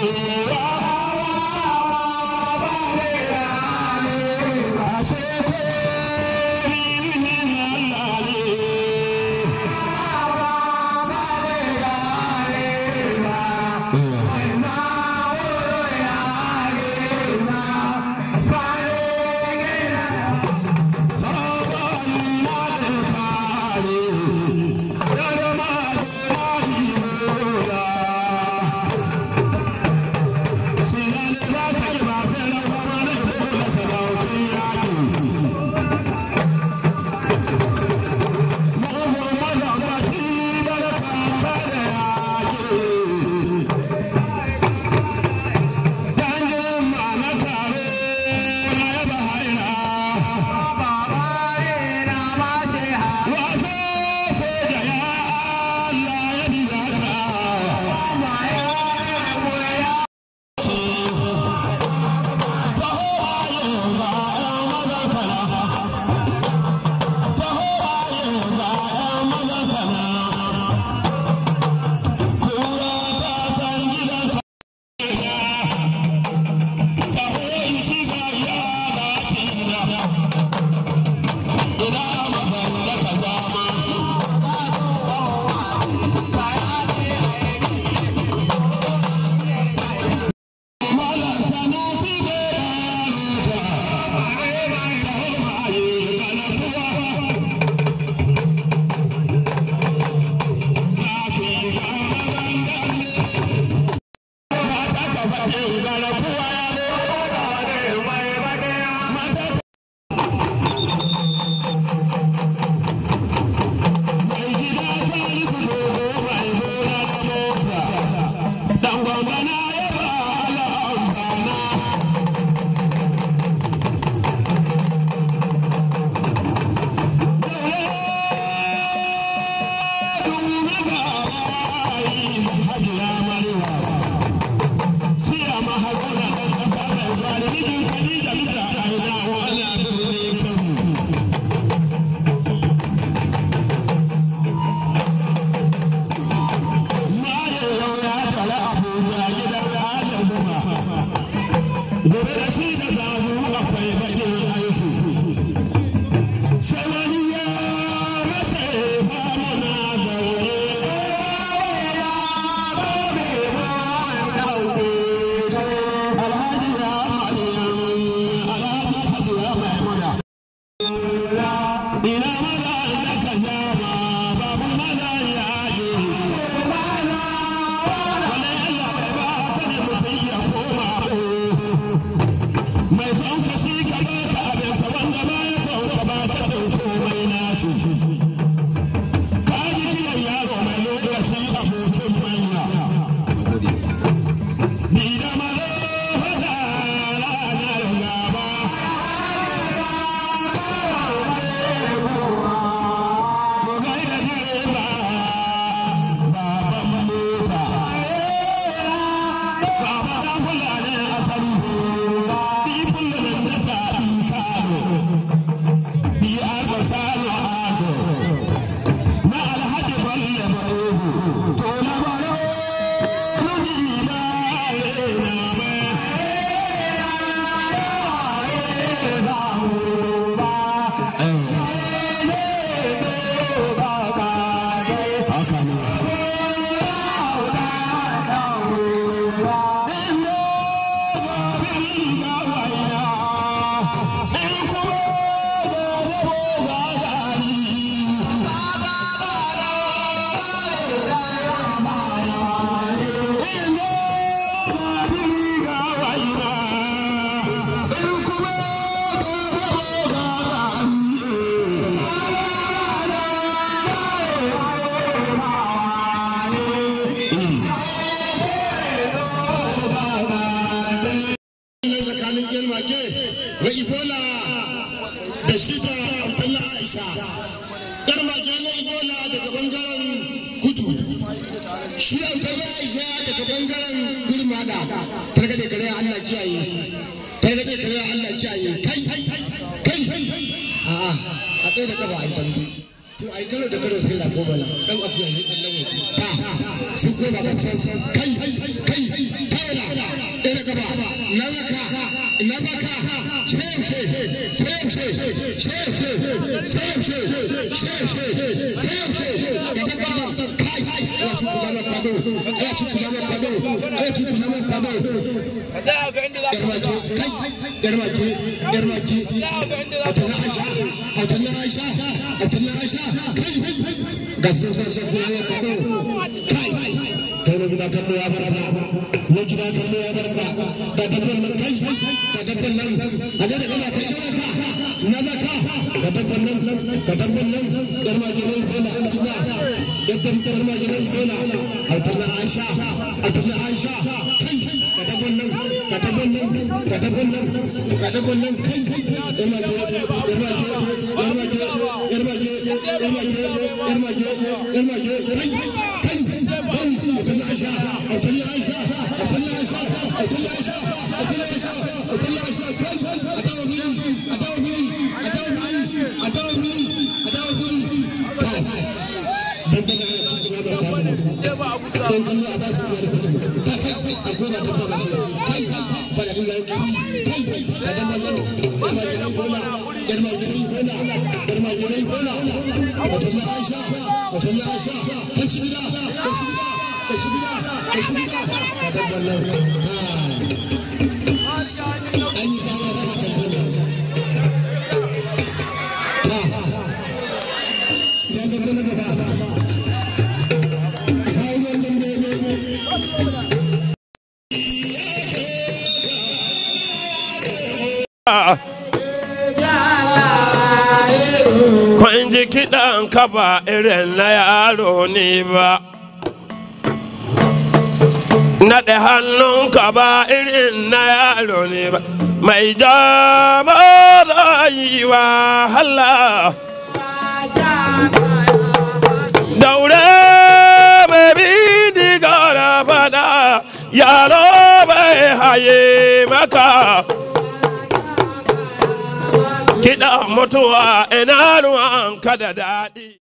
Thank you. nan tsakanin gelmake na ibola da shi abdullah aisha gelmake na ibola daga bangaren kudu shi abdullah aisha daga bangaren gurmada da kare allah kiyaye da kare allah kiyaye kai kai a'a a da a tambi to kalo da sai dan kallon ta sun koma da kai kai kai kai garmaki garmaki atana aisha atana aisha atana aisha kai gasar sarsa kula kado gida kallo ya barka ya gida kallo ya barka da dabban nan kai da dabban nan a ga da gaba kai ana ka na za ka da nan da dabban nan garma gidan kola ina da garma gidan kola a tana aisha a tana aisha kai da dabban nan nan nan nan kai aisha autani aisha autani aisha autani aisha autani aisha autani aisha kai atawa guri atawa guri atawa guri atawa guri atawa guri dan dan ya ci gaba da ta dan dan ya ba su ta kai akwai ta ba Kwan kiɗan kaba irin na yaro ne ba. naɗe hannunka ba irin na yaro ne ba mai jama rayuwa wahala. daure mai bi digara fada yaro bai haye maka kiɗa mutuwa ina ruwan ka da daɗi